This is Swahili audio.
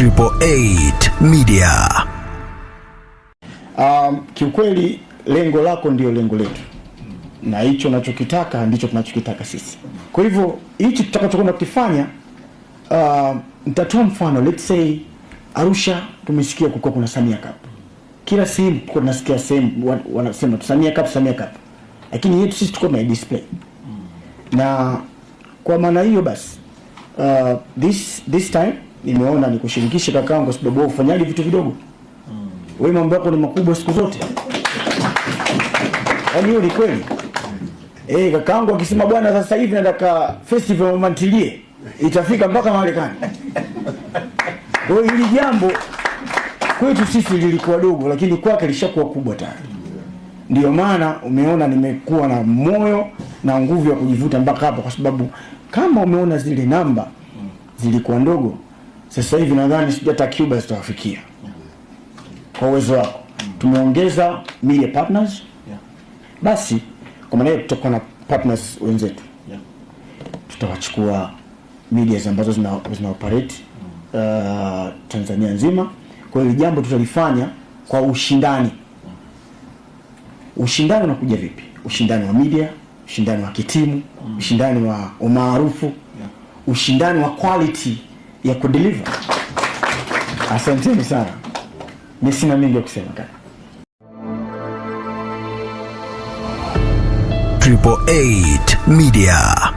888 Media. Um, kiukweli lengo lako ndio lengo letu na hicho unachokitaka ndicho tunachokitaka sisi. Kwa hivyo hichi tutakachokwenda kukifanya, uh, nitatoa mfano, let's say Arusha tumesikia kuko kuna Samia Cup. Kila sehemu tulikuwa tunasikia sehemu wanasema Samia Cup, Samia Cup, lakini yetu sisi tuko na display na kwa maana hiyo basi, uh, this this time nimeona nikushirikishe kakaangu, kwa sababu ufanyaji vitu vidogo mm. wewe mambo yako ni makubwa siku zote yaani hiyo ni kweli hmm. eh. Kakaangu akisema bwana, sasa hivi nataka festival ya mama itafika mpaka Marekani. Kwa hiyo hili jambo kwetu sisi lilikuwa dogo, lakini kwake lishakuwa kubwa tayari. Ndio maana umeona nimekuwa na moyo na nguvu ya kujivuta mpaka hapa, kwa sababu kama umeona zile namba hmm. zilikuwa ndogo sasa hivi nadhani sijui hata Cuba zitawafikia kwa uwezo wako. Tumeongeza media partners, basi kwa maana hiyo tutakuwa na partners wenzetu, tutawachukua media ambazo zina, zina operate uh, Tanzania nzima. Kwa hiyo jambo tutalifanya kwa ushindani. Ushindani unakuja vipi? Ushindani wa media, ushindani wa kitimu, ushindani wa umaarufu, ushindani wa quality ya kudeliver. Asanteni sana, mi sina mingi ya kusema kaka. Triple Eight Media.